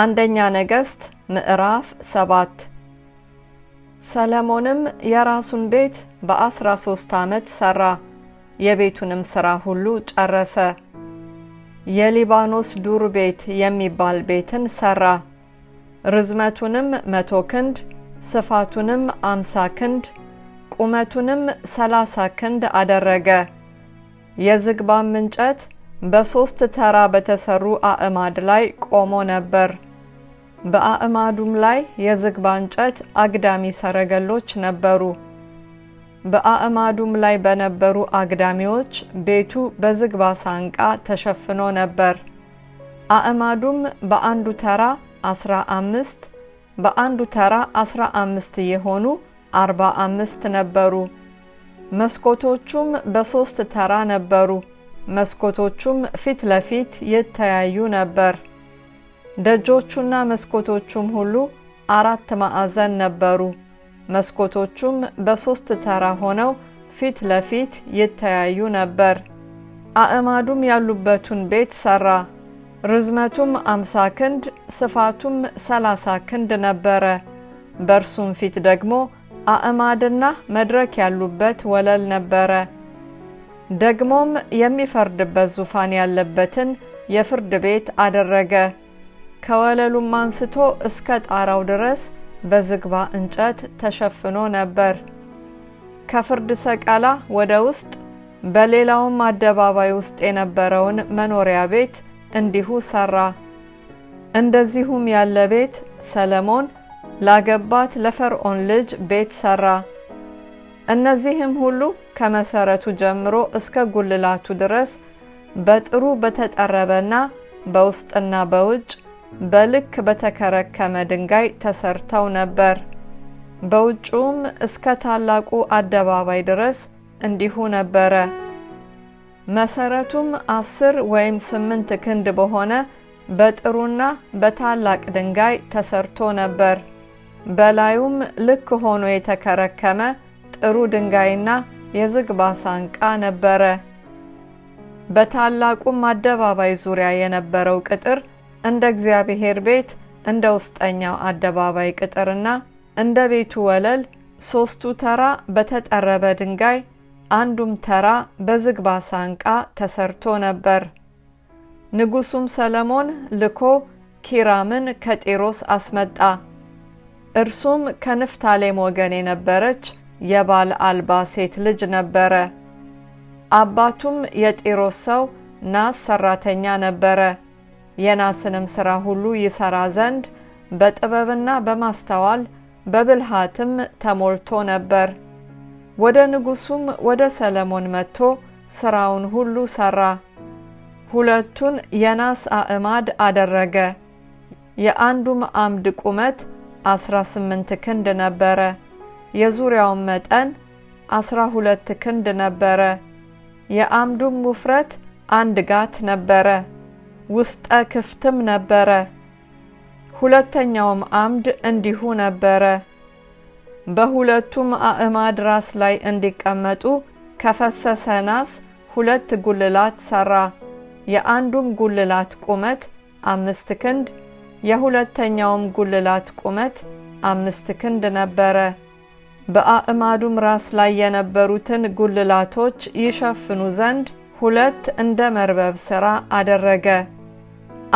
አንደኛ ነገሥት ምዕራፍ ሰባት ሰለሞንም የራሱን ቤት በአስራ ሶስት ዓመት ሠራ፣ የቤቱንም ሥራ ሁሉ ጨረሰ። የሊባኖስ ዱር ቤት የሚባል ቤትን ሠራ። ርዝመቱንም መቶ ክንድ ስፋቱንም አምሳ ክንድ ቁመቱንም ሰላሳ ክንድ አደረገ። የዝግባም እንጨት በሦስት ተራ በተሠሩ አዕማድ ላይ ቆሞ ነበር። በአእማዱም ላይ የዝግባ እንጨት አግዳሚ ሰረገሎች ነበሩ። በአእማዱም ላይ በነበሩ አግዳሚዎች ቤቱ በዝግባ ሳንቃ ተሸፍኖ ነበር። አዕማዱም በአንዱ ተራ አስራ አምስት በአንዱ ተራ አስራ አምስት የሆኑ አርባ አምስት ነበሩ። መስኮቶቹም በሶስት ተራ ነበሩ። መስኮቶቹም ፊት ለፊት የተያዩ ነበር። ደጆቹና መስኮቶቹም ሁሉ አራት ማዕዘን ነበሩ። መስኮቶቹም በሦስት ተራ ሆነው ፊት ለፊት ይተያዩ ነበር። አዕማዱም ያሉበቱን ቤት ሰራ። ርዝመቱም አምሳ ክንድ ስፋቱም ሰላሳ ክንድ ነበረ። በእርሱም ፊት ደግሞ አዕማድና መድረክ ያሉበት ወለል ነበረ። ደግሞም የሚፈርድበት ዙፋን ያለበትን የፍርድ ቤት አደረገ። ከወለሉም አንስቶ እስከ ጣራው ድረስ በዝግባ እንጨት ተሸፍኖ ነበር። ከፍርድ ሰቀላ ወደ ውስጥ በሌላውም አደባባይ ውስጥ የነበረውን መኖሪያ ቤት እንዲሁ ሰራ። እንደዚሁም ያለ ቤት ሰለሞን ላገባት ለፈርዖን ልጅ ቤት ሰራ። እነዚህም ሁሉ ከመሰረቱ ጀምሮ እስከ ጉልላቱ ድረስ በጥሩ በተጠረበና በውስጥና በውጭ በልክ በተከረከመ ድንጋይ ተሰርተው ነበር። በውጭውም እስከ ታላቁ አደባባይ ድረስ እንዲሁ ነበረ። መሰረቱም አስር ወይም ስምንት ክንድ በሆነ በጥሩና በታላቅ ድንጋይ ተሰርቶ ነበር። በላዩም ልክ ሆኖ የተከረከመ ጥሩ ድንጋይና የዝግባ ሳንቃ ነበረ። በታላቁም አደባባይ ዙሪያ የነበረው ቅጥር እንደ እግዚአብሔር ቤት እንደ ውስጠኛው አደባባይ ቅጥርና እንደ ቤቱ ወለል ሦስቱ ተራ በተጠረበ ድንጋይ አንዱም ተራ በዝግባ ሳንቃ ተሰርቶ ነበር። ንጉሱም ሰለሞን ልኮ ኪራምን ከጢሮስ አስመጣ። እርሱም ከንፍታሌም ወገን የነበረች የባል አልባ ሴት ልጅ ነበረ። አባቱም የጢሮስ ሰው ናስ ሰራተኛ ነበረ። የናስንም ስራ ሁሉ ይሰራ ዘንድ በጥበብና በማስተዋል በብልሃትም ተሞልቶ ነበር። ወደ ንጉሱም ወደ ሰለሞን መጥቶ ስራውን ሁሉ ሠራ። ሁለቱን የናስ አዕማድ አደረገ። የአንዱም አምድ ቁመት 18 ክንድ ነበረ። የዙሪያውም መጠን 12 ክንድ ነበረ። የአምዱም ውፍረት አንድ ጋት ነበረ። ውስጠ ክፍትም ነበረ። ሁለተኛውም አምድ እንዲሁ ነበረ። በሁለቱም አዕማድ ራስ ላይ እንዲቀመጡ ከፈሰሰ ናስ ሁለት ጉልላት ሰራ። የአንዱም ጉልላት ቁመት አምስት ክንድ የሁለተኛውም ጉልላት ቁመት አምስት ክንድ ነበረ። በአዕማዱም ራስ ላይ የነበሩትን ጉልላቶች ይሸፍኑ ዘንድ ሁለት እንደ መርበብ ሥራ አደረገ።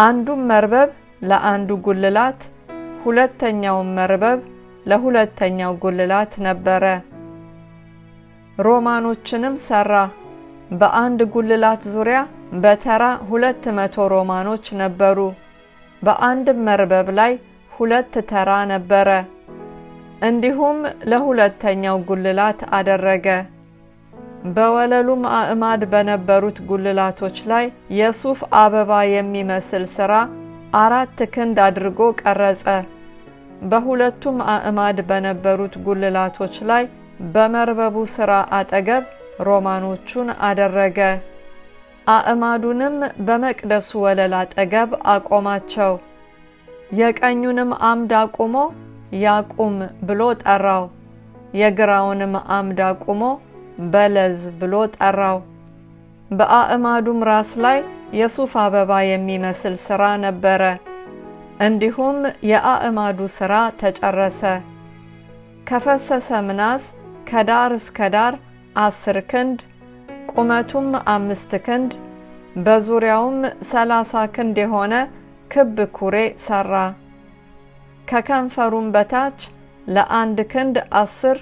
አንዱን መርበብ ለአንዱ ጉልላት፣ ሁለተኛውን መርበብ ለሁለተኛው ጉልላት ነበረ። ሮማኖችንም ሰራ። በአንድ ጉልላት ዙሪያ በተራ ሁለት መቶ ሮማኖች ነበሩ። በአንድም መርበብ ላይ ሁለት ተራ ነበረ። እንዲሁም ለሁለተኛው ጉልላት አደረገ። በወለሉ ማዕማድ በነበሩት ጉልላቶች ላይ የሱፍ አበባ የሚመስል ሥራ አራት ክንድ አድርጎ ቀረጸ። በሁለቱም ማዕማድ በነበሩት ጉልላቶች ላይ በመርበቡ ሥራ አጠገብ ሮማኖቹን አደረገ። አዕማዱንም በመቅደሱ ወለል አጠገብ አቆማቸው። የቀኙንም አምድ አቁሞ ያቁም ብሎ ጠራው። የግራውንም አምድ አቁሞ በለዝ ብሎ ጠራው። በአዕማዱም ራስ ላይ የሱፍ አበባ የሚመስል ሥራ ነበረ። እንዲሁም የአዕማዱ ሥራ ተጨረሰ። ከፈሰሰ ምናስ ከዳር እስከ ዳር አስር ክንድ ቁመቱም አምስት ክንድ በዙሪያውም ሰላሳ ክንድ የሆነ ክብ ኩሬ ሰራ። ከከንፈሩም በታች ለአንድ ክንድ አስር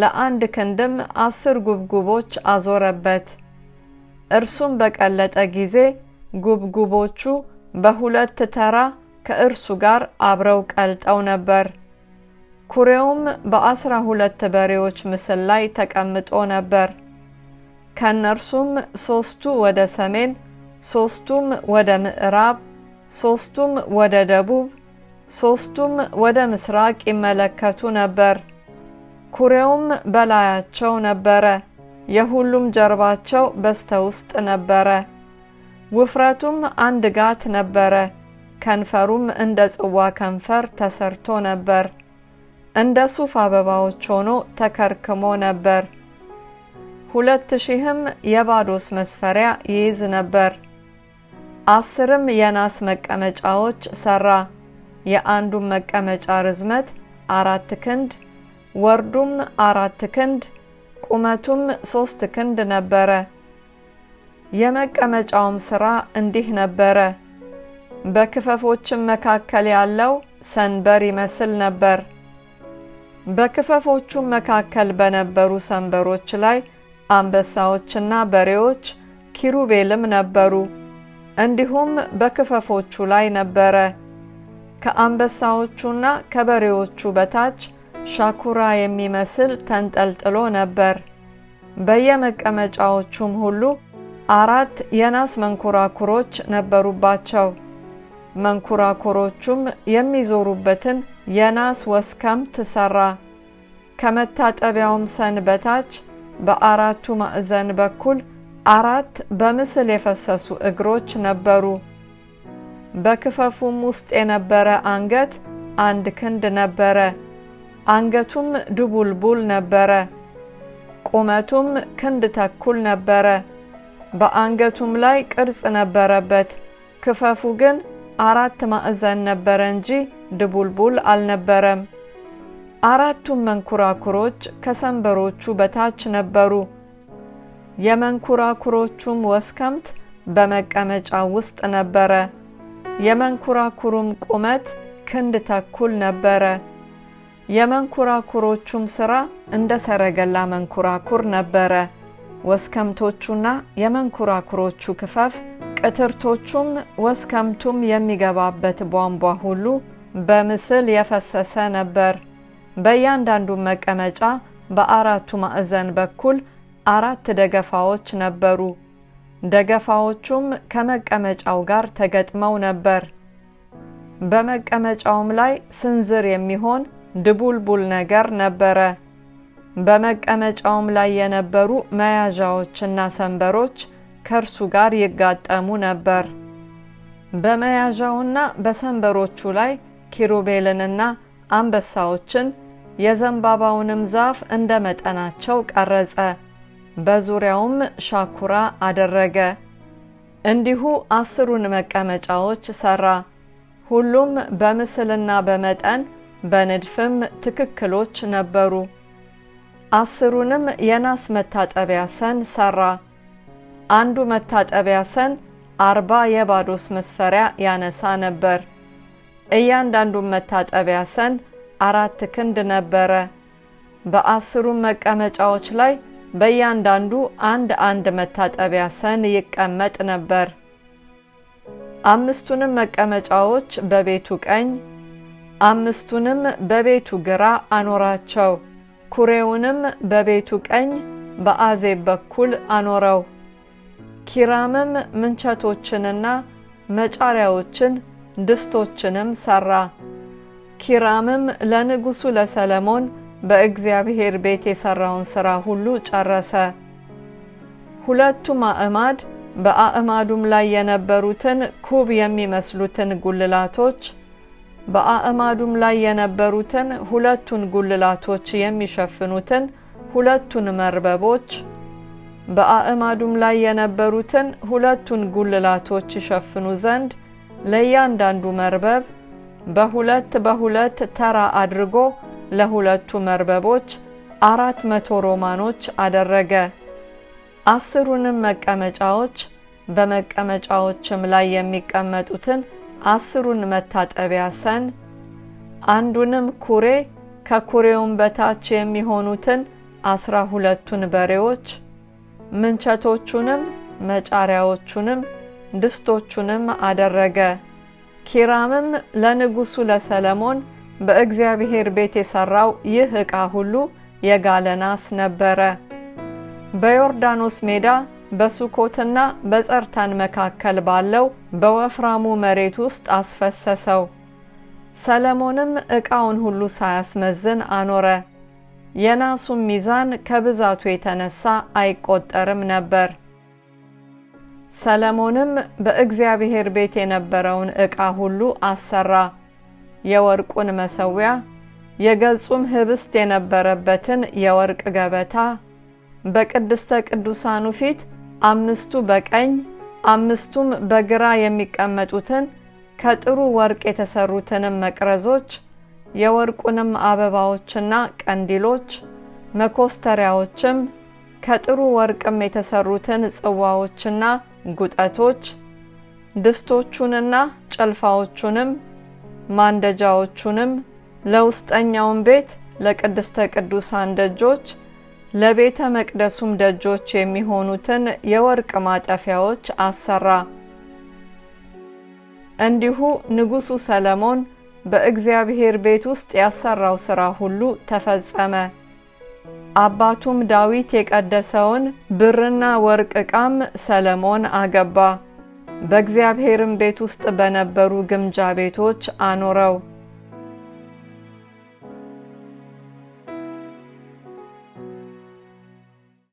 ለአንድ ክንድም አስር ጉብጉቦች አዞረበት። እርሱም በቀለጠ ጊዜ ጉብጉቦቹ በሁለት ተራ ከእርሱ ጋር አብረው ቀልጠው ነበር። ኩሬውም በአስራ ሁለት በሬዎች ምስል ላይ ተቀምጦ ነበር። ከእነርሱም ሶስቱ ወደ ሰሜን፣ ሶስቱም ወደ ምዕራብ፣ ሶስቱም ወደ ደቡብ፣ ሶስቱም ወደ ምስራቅ ይመለከቱ ነበር። ኩሬውም በላያቸው ነበረ፣ የሁሉም ጀርባቸው በስተ ውስጥ ነበረ። ውፍረቱም አንድ ጋት ነበረ። ከንፈሩም እንደ ጽዋ ከንፈር ተሰርቶ ነበር። እንደ ሱፍ አበባዎች ሆኖ ተከርክሞ ነበር። ሁለት ሺህም የባዶስ መስፈሪያ ይይዝ ነበር። አስርም የናስ መቀመጫዎች ሰራ። የአንዱም መቀመጫ ርዝመት አራት ክንድ ወርዱም አራት ክንድ ቁመቱም ሶስት ክንድ ነበረ። የመቀመጫውም ሥራ እንዲህ ነበረ። በክፈፎችም መካከል ያለው ሰንበር ይመስል ነበር። በክፈፎቹም መካከል በነበሩ ሰንበሮች ላይ አንበሳዎችና በሬዎች ኪሩቤልም ነበሩ። እንዲሁም በክፈፎቹ ላይ ነበረ። ከአንበሳዎቹና ከበሬዎቹ በታች ሻኩራ የሚመስል ተንጠልጥሎ ነበር። በየመቀመጫዎቹም ሁሉ አራት የናስ መንኮራኩሮች ነበሩባቸው። መንኮራኩሮቹም የሚዞሩበትን የናስ ወስከምት ሰራ። ከመታጠቢያውም ሰን በታች በአራቱ ማዕዘን በኩል አራት በምስል የፈሰሱ እግሮች ነበሩ። በክፈፉም ውስጥ የነበረ አንገት አንድ ክንድ ነበረ። አንገቱም ድቡልቡል ነበረ፣ ቁመቱም ክንድ ተኩል ነበረ። በአንገቱም ላይ ቅርጽ ነበረበት። ክፈፉ ግን አራት ማዕዘን ነበረ እንጂ ድቡልቡል አልነበረም። አራቱም መንኮራኩሮች ከሰንበሮቹ በታች ነበሩ። የመንኮራኩሮቹም ወስከምት በመቀመጫ ውስጥ ነበረ። የመንኮራኩሩም ቁመት ክንድ ተኩል ነበረ። የመንኮራኩሮቹም ስራ እንደ ሰረገላ መንኮራኩር ነበረ። ወስከምቶቹና የመንኮራኩሮቹ ክፈፍ፣ ቅትርቶቹም፣ ወስከምቱም የሚገባበት ቧንቧ ሁሉ በምስል የፈሰሰ ነበር። በእያንዳንዱ መቀመጫ በአራቱ ማዕዘን በኩል አራት ደገፋዎች ነበሩ። ደገፋዎቹም ከመቀመጫው ጋር ተገጥመው ነበር። በመቀመጫውም ላይ ስንዝር የሚሆን ድቡልቡል ነገር ነበረ። በመቀመጫውም ላይ የነበሩ መያዣዎችና ሰንበሮች ከእርሱ ጋር ይጋጠሙ ነበር። በመያዣውና በሰንበሮቹ ላይ ኪሩቤልንና አንበሳዎችን የዘንባባውንም ዛፍ እንደ መጠናቸው ቀረጸ። በዙሪያውም ሻኩራ አደረገ። እንዲሁ አስሩን መቀመጫዎች ሰራ። ሁሉም በምስልና በመጠን በንድፍም ትክክሎች ነበሩ። አስሩንም የናስ መታጠቢያ ሰን ሰራ። አንዱ መታጠቢያ ሰን አርባ የባዶስ መስፈሪያ ያነሳ ነበር። እያንዳንዱም መታጠቢያ ሰን አራት ክንድ ነበረ። በአስሩም መቀመጫዎች ላይ በእያንዳንዱ አንድ አንድ መታጠቢያ ሰን ይቀመጥ ነበር። አምስቱንም መቀመጫዎች በቤቱ ቀኝ አምስቱንም በቤቱ ግራ አኖራቸው። ኩሬውንም በቤቱ ቀኝ በአዜብ በኩል አኖረው። ኪራምም ምንቸቶችንና መጫሪያዎችን ድስቶችንም ሰራ። ኪራምም ለንጉሡ ለሰለሞን በእግዚአብሔር ቤት የሰራውን ሥራ ሁሉ ጨረሰ። ሁለቱም አዕማድ በአዕማዱም ላይ የነበሩትን ኩብ የሚመስሉትን ጉልላቶች በአእማዱም ላይ የነበሩትን ሁለቱን ጉልላቶች የሚሸፍኑትን ሁለቱን መርበቦች በአእማዱም ላይ የነበሩትን ሁለቱን ጉልላቶች ይሸፍኑ ዘንድ ለእያንዳንዱ መርበብ በሁለት በሁለት ተራ አድርጎ ለሁለቱ መርበቦች አራት መቶ ሮማኖች አደረገ። አስሩንም መቀመጫዎች በመቀመጫዎችም ላይ የሚቀመጡትን አስሩን መታጠቢያ ሰን አንዱንም ኩሬ ከኩሬውም በታች የሚሆኑትን አስራ ሁለቱን በሬዎች ምንቸቶቹንም መጫሪያዎቹንም ድስቶቹንም አደረገ። ኪራምም ለንጉሡ ለሰለሞን በእግዚአብሔር ቤት የሠራው ይህ ዕቃ ሁሉ የጋለ ናስ ነበረ። በዮርዳኖስ ሜዳ በሱኮትና በጸርታን መካከል ባለው በወፍራሙ መሬት ውስጥ አስፈሰሰው። ሰለሞንም ዕቃውን ሁሉ ሳያስመዝን አኖረ። የናሱም ሚዛን ከብዛቱ የተነሳ አይቆጠርም ነበር። ሰለሞንም በእግዚአብሔር ቤት የነበረውን ዕቃ ሁሉ አሰራ። የወርቁን መሠዊያ፣ የገጹም ህብስት የነበረበትን የወርቅ ገበታ በቅድስተ ቅዱሳኑ ፊት አምስቱ በቀኝ አምስቱም በግራ የሚቀመጡትን ከጥሩ ወርቅ የተሰሩትንም መቅረዞች የወርቁንም አበባዎችና ቀንዲሎች መኮስተሪያዎችም ከጥሩ ወርቅም የተሰሩትን ጽዋዎችና ጉጠቶች ድስቶቹንና ጨልፋዎቹንም ማንደጃዎቹንም ለውስጠኛውን ቤት ለቅድስተ ቅዱሳን ደጆች ለቤተ መቅደሱም ደጆች የሚሆኑትን የወርቅ ማጠፊያዎች አሰራ። እንዲሁ ንጉሡ ሰለሞን በእግዚአብሔር ቤት ውስጥ ያሰራው ሥራ ሁሉ ተፈጸመ። አባቱም ዳዊት የቀደሰውን ብርና ወርቅ ዕቃም ሰለሞን አገባ። በእግዚአብሔርም ቤት ውስጥ በነበሩ ግምጃ ቤቶች አኖረው።